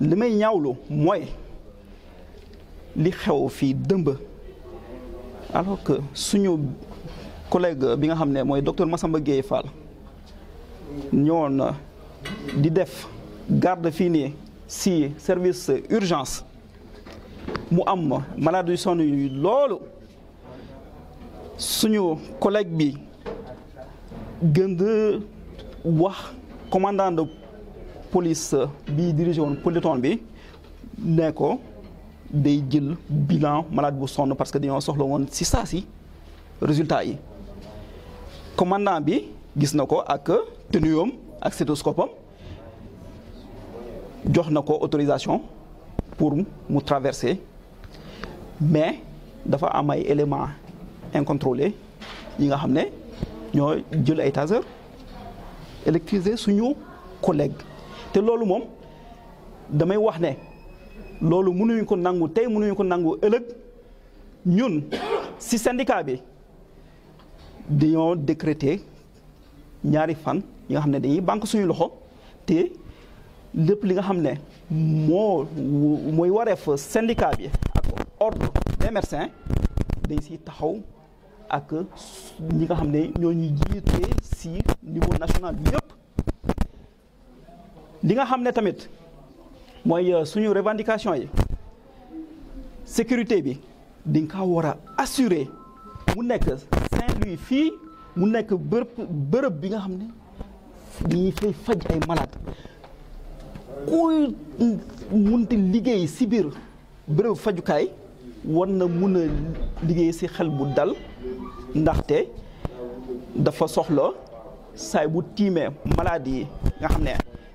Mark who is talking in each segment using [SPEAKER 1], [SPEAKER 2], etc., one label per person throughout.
[SPEAKER 1] Le may moi mooy li xew fii alors que suñu collègue bi nga xam ne docteur Massamba Gueye Fall didef garde fini si service urgence mu am malade yu sonn yu loolu suñu collègue bi commandant de police bi dirigé woon peloton bi ne ko day jël bilan malade bu sonn parce que dañoo soxla won ci saa si résultat yi commandant bi gis nako ak tenuyoom ak stéthoscope am jox nako autorisation pour mu traverser mais dafa am ay éléments incontrôlés yi nga xamné ñoy jël ay taser électriser suñu collègue te loolu moom damay wax ne loolu mënuñu ko nangu tey mënuñu ko nangu ëllëg ñun si syndicat bi dañoo décréter ñaari fan yi nga xam ne dañuy banque suñu loxo te lépp li nga xam ne moo mooy wareef syndicat bi ak ordre des médecins dañ si taxaw ak ñi nga xam ne ñoo ñuy jiite si niveau national bi li nga xam ne tamit mooy euh, suñu revendication yi sécurité bi di nga war a assurer mu nekk Saint-Louis fii mu nekk bërëb bi nga xam ne dañuy fay faj ay malade kuy munti liggéey si biir bërëb fajukaay war na mun a liggéey si xel bu dal ndaxte dafa soxla saay bu tiimee malade yi nga xam ne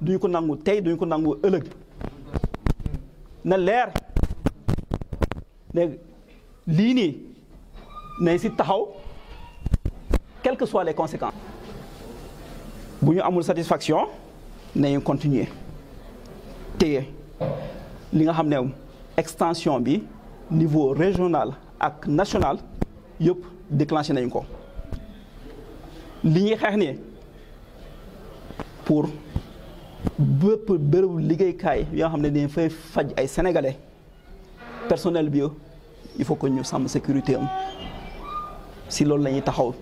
[SPEAKER 1] duñu ko nangu tay duñ ko nangu ëllëg na leer ne li ni ne si taxaw quelles que soient les conséquences nous avons amul satisfaction nañu continuer téye li nga une extension bi niveau régional ak national yëpp déclenché nañu ko li ñuy xeex pour bépp bérébu liggéeykaay yoo xam ne dañ fay faj ay sénégalais personnel bio il faut que ñu sàmm sécurité am si loolu lañuy taxaw.